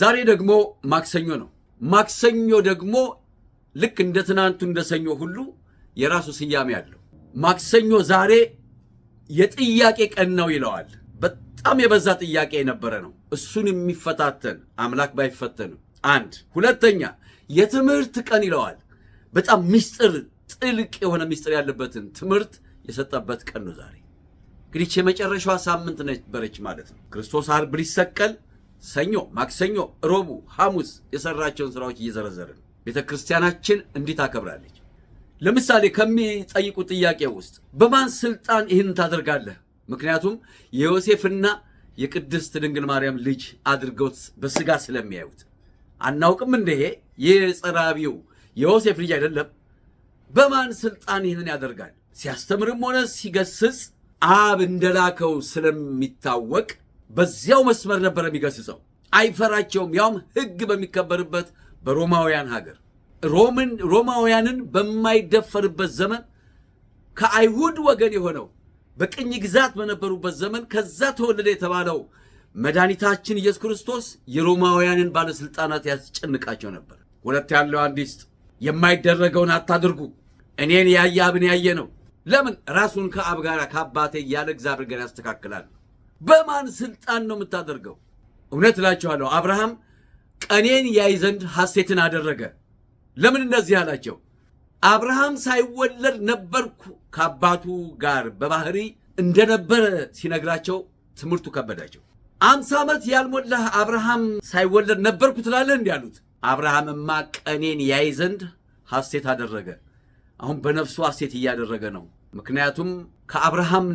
ዛሬ ደግሞ ማክሰኞ ነው። ማክሰኞ ደግሞ ልክ እንደ ትናንቱ እንደ ሰኞ ሁሉ የራሱ ስያሜ አለው። ማክሰኞ ዛሬ የጥያቄ ቀን ነው ይለዋል። በጣም የበዛ ጥያቄ የነበረ ነው። እሱን የሚፈታተን አምላክ ባይፈተንም፣ አንድ ሁለተኛ የትምህርት ቀን ይለዋል። በጣም ምስጢር፣ ጥልቅ የሆነ ምስጢር ያለበትን ትምህርት የሰጠበት ቀን ነው ዛሬ። እንግዲህ የመጨረሻዋ ሳምንት ነበረች ማለት ነው። ክርስቶስ አርብ ሊሰቀል ሰኞ፣ ማክሰኞ፣ ሮቡ፣ ሐሙስ የሰራቸውን ስራዎች እየዘረዘርን ቤተ ክርስቲያናችን እንዲህ ታከብራለች። ለምሳሌ ከሚጠይቁ ጥያቄ ውስጥ በማን ስልጣን ይህን ታደርጋለህ? ምክንያቱም የዮሴፍና የቅድስት ድንግል ማርያም ልጅ አድርገውት በስጋ ስለሚያዩት አናውቅም። እንደሄ የጸራቢው የዮሴፍ ልጅ አይደለም። በማን ስልጣን ይህንን ያደርጋል? ሲያስተምርም ሆነ ሲገስጽ አብ እንደላከው ስለሚታወቅ በዚያው መስመር ነበር የሚገስጸው። አይፈራቸውም፣ ያውም ሕግ በሚከበርበት በሮማውያን ሀገር ሮምን ሮማውያንን በማይደፈርበት ዘመን ከአይሁድ ወገን የሆነው በቅኝ ግዛት በነበሩበት ዘመን ከዛ ተወለደ የተባለው መድኃኒታችን ኢየሱስ ክርስቶስ የሮማውያንን ባለሥልጣናት ያስጨንቃቸው ነበር። ሁለት ያለው አንዲስት የማይደረገውን አታድርጉ፣ እኔን ያየ አብን ያየ ነው። ለምን ራሱን ከአብ ጋር ከአባቴ ያለ እግዚአብሔር ጋር ያስተካክላል። በማን ስልጣን ነው የምታደርገው? እውነት እላችኋለሁ አብርሃም ቀኔን ያይ ዘንድ ሐሴትን አደረገ። ለምን እንደዚህ አላቸው? አብርሃም ሳይወለድ ነበርኩ ከአባቱ ጋር በባህሪ እንደነበረ ሲነግራቸው ትምህርቱ ከበዳቸው። አምሳ ዓመት ያልሞላህ አብርሃም ሳይወለድ ነበርኩ ትላለህ? እንዲህ አሉት። አብርሃምማ ቀኔን ያይ ዘንድ ሐሴት አደረገ። አሁን በነፍሱ ሐሴት እያደረገ ነው። ምክንያቱም ከአብርሃም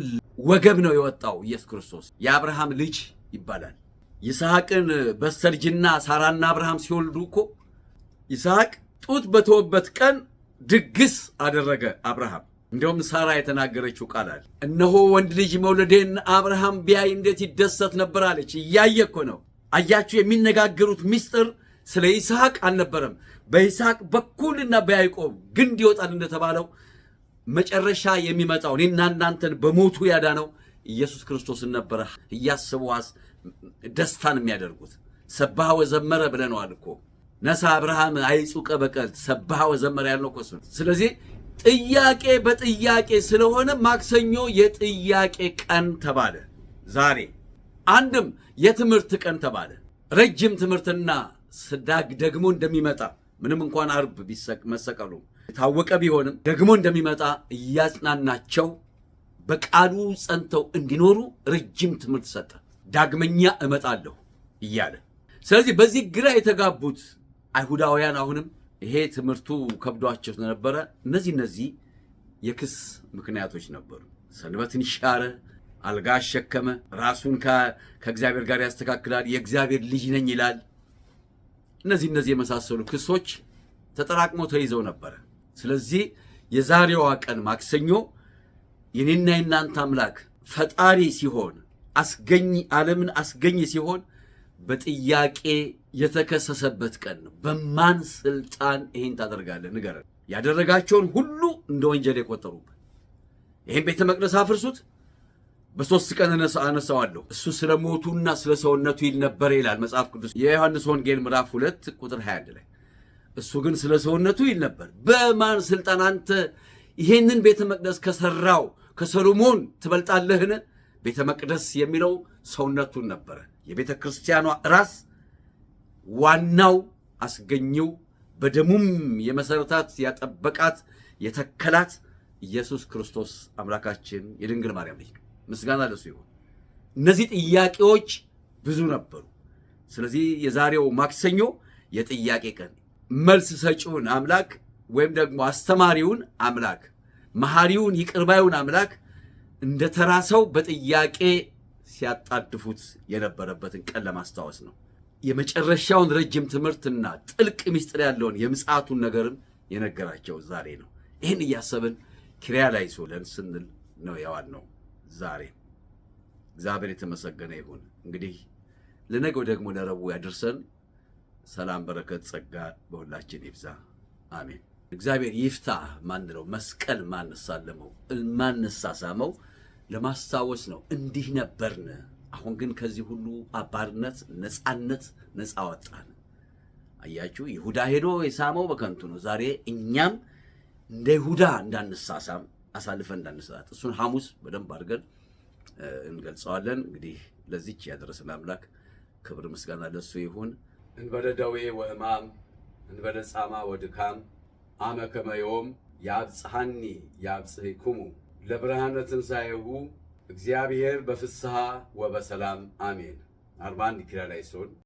ወገብ ነው የወጣው ኢየሱስ ክርስቶስ የአብርሃም ልጅ ይባላል። ይስሐቅን በስተልጅና ሳራና አብርሃም ሲወልዱ እኮ ይስሐቅ ጡት በተወበት ቀን ድግስ አደረገ አብርሃም። እንዲሁም ሳራ የተናገረችው ቃል አለ፣ እነሆ ወንድ ልጅ መውለዴን አብርሃም ቢያይ እንዴት ይደሰት ነበር አለች። እያየ እኮ ነው። አያችሁ፣ የሚነጋገሩት ምስጢር ስለ ይስሐቅ አልነበረም። በይስሐቅ በኩልና በያዕቆብ ግንድ ይወጣል እንደተባለው መጨረሻ የሚመጣው እኔና እናንተን በሞቱ ያዳነው ኢየሱስ ክርስቶስን ነበረ እያስቡ ደስታን የሚያደርጉት። ሰባህ ወዘመረ ብለነዋል እኮ ነሳ አብርሃም አይጹቀ በቀል ሰባህ ወዘመረ ያለው እኮ። ስለዚህ ጥያቄ በጥያቄ ስለሆነ ማክሰኞ የጥያቄ ቀን ተባለ። ዛሬ አንድም የትምህርት ቀን ተባለ። ረጅም ትምህርትና ስዳግ ደግሞ እንደሚመጣ ምንም እንኳን አርብ መሰቀሉ የታወቀ ቢሆንም ደግሞ እንደሚመጣ እያጽናናቸው በቃሉ ጸንተው እንዲኖሩ ረጅም ትምህርት ሰጠ። ዳግመኛ እመጣለሁ እያለ ስለዚህ በዚህ ግራ የተጋቡት አይሁዳውያን አሁንም ይሄ ትምህርቱ ከብዷቸው ስለነበረ እነዚህ እነዚህ የክስ ምክንያቶች ነበሩ። ሰንበትን ሻረ፣ አልጋ አሸከመ፣ ራሱን ከእግዚአብሔር ጋር ያስተካክላል፣ የእግዚአብሔር ልጅ ነኝ ይላል። እነዚህ እነዚህ የመሳሰሉ ክሶች ተጠራቅመው ተይዘው ነበረ። ስለዚህ የዛሬዋ ቀን ማክሰኞ የኔና የናንተ አምላክ ፈጣሪ ሲሆን አስገኝ ዓለምን አስገኝ ሲሆን በጥያቄ የተከሰሰበት ቀን ነው። በማን ስልጣን ይሄን ታደርጋለህ ንገረን። ያደረጋቸውን ሁሉ እንደ ወንጀል የቆጠሩበት ይህን ቤተ መቅደስ አፍርሱት በሶስት ቀን አነሳዋለሁ እሱ ስለ ሞቱና ስለ ሰውነቱ ይል ነበር ይላል መጽሐፍ ቅዱስ የዮሐንስ ወንጌል ምዕራፍ ሁለት ቁጥር 21 ላይ እሱ ግን ስለ ሰውነቱ ይል ነበር። በማን ስልጣን አንተ ይሄንን ቤተ መቅደስ ከሰራው ከሰሎሞን ትበልጣለህን? ቤተ መቅደስ የሚለው ሰውነቱን ነበረ። የቤተ ክርስቲያኗ ራስ ዋናው አስገኘው፣ በደሙም የመሰረታት ያጠበቃት የተከላት ኢየሱስ ክርስቶስ አምላካችን የድንግል ማርያም ልጅ ምስጋና ለሱ ይሁን። እነዚህ ጥያቄዎች ብዙ ነበሩ። ስለዚህ የዛሬው ማክሰኞ የጥያቄ ቀን መልስ ሰጪውን አምላክ ወይም ደግሞ አስተማሪውን አምላክ መሐሪውን ይቅርባዩን አምላክ እንደ ተራ ሰው በጥያቄ ሲያጣድፉት የነበረበትን ቀን ለማስታወስ ነው። የመጨረሻውን ረጅም ትምህርትና ጥልቅ ምስጢር ያለውን የምጽአቱን ነገርም የነገራቸው ዛሬ ነው። ይህን እያሰብን ኪርያ ሶለን ስንል ነው የዋል ነው ዛሬ። እግዚአብሔር የተመሰገነ ይሁን። እንግዲህ ለነገው ደግሞ ለረቡዕ ያድርሰን። ሰላም፣ በረከት፣ ጸጋ በሁላችን ይብዛ። አሜን። እግዚአብሔር ይፍታ ማንለው መስቀል ማንሳለመው ማንሳሳመው ለማስታወስ ነው። እንዲህ ነበርን፣ አሁን ግን ከዚህ ሁሉ አባርነት ነፃነት ነፃ ወጣን። አያችሁ፣ ይሁዳ ሄዶ የሳመው በከንቱ ነው። ዛሬ እኛም እንደ ይሁዳ እንዳንሳሳም አሳልፈን እንዳንሰጣት እሱን ሐሙስ በደንብ አድርገን እንገልጸዋለን። እንግዲህ ለዚች ያደረሰን አምላክ ክብር ምስጋና ለሱ ይሁን። እንበለ ደዌ ወሕማም እንበለ ጻማ ወድካም አመ ከመዮም ዮም ያብጽሐኒ ያብጽሕክሙ ለብርሃነ ትንሣኤሁ እግዚአብሔር በፍስሐ ወበሰላም አሜን። አርባ አንድ ሲሆን።